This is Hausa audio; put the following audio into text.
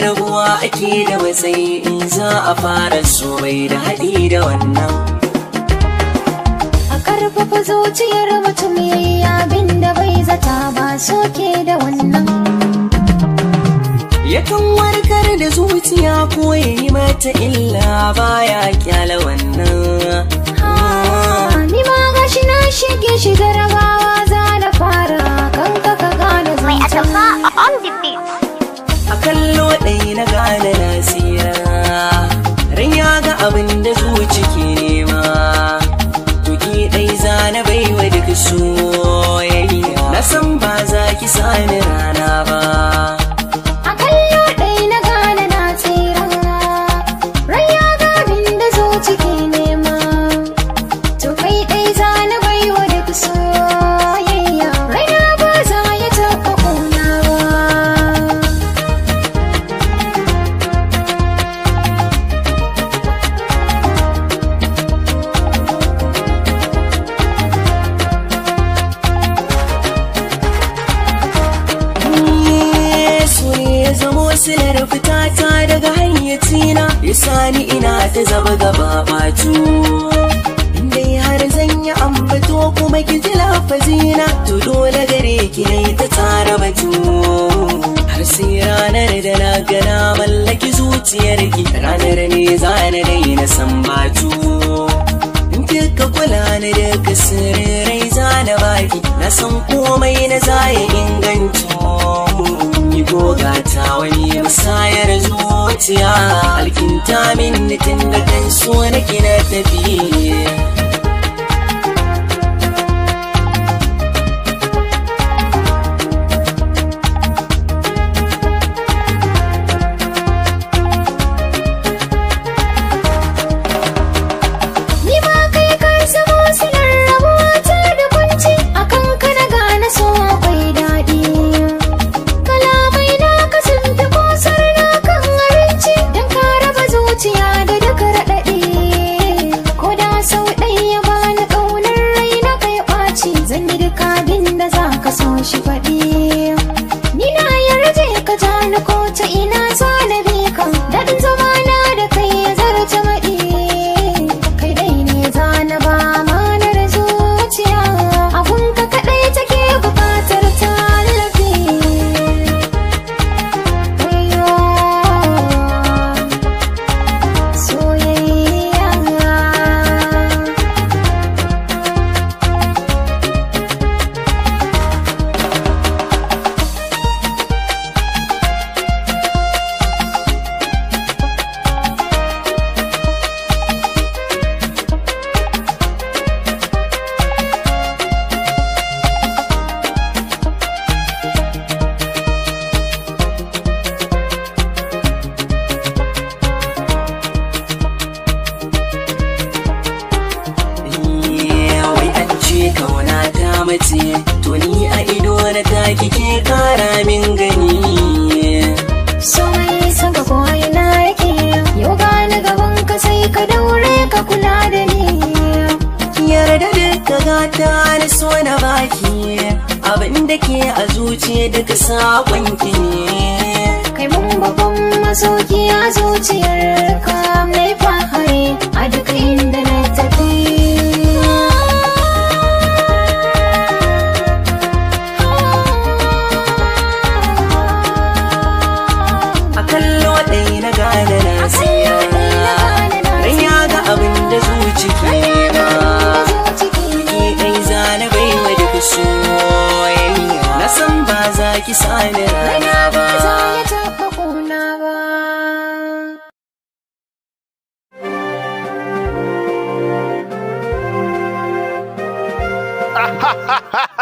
rabuwa ake da matsayi in za a fara so bai da haɗi da wannan a ƙarfafa zuciyar mutum yayi abin da bai zata ba ke da wannan yakan warkar da zuciya ko yi mata illa baya kyala wannan ni ma gashi na shige shiga Sign it, silar fitata daga hanyacina ya sani ina ta zaba gaba batu dai har zan yi ambato kuma ki ji lafazina to dole gare ki yi ta tara batu har sai ranar da na gana mallaki zuciyar ki ranar ne za na daina san batu duka kula ni da kasirai za na baki na san komai na zaya inganci inganta. goga ta wani zuciya alkinta min tun da kan so nake ce ni a ido na ta kike kara min gani sai san ka ko ina yake yau ga na gaban ka sai ka daure ka kula da ni yarda da ka ta na so na baki abin da ke a zuciya daga sakon ki ne kai mun babban masoki a ki sani rana ba za ya taɓa ƙuna ha ha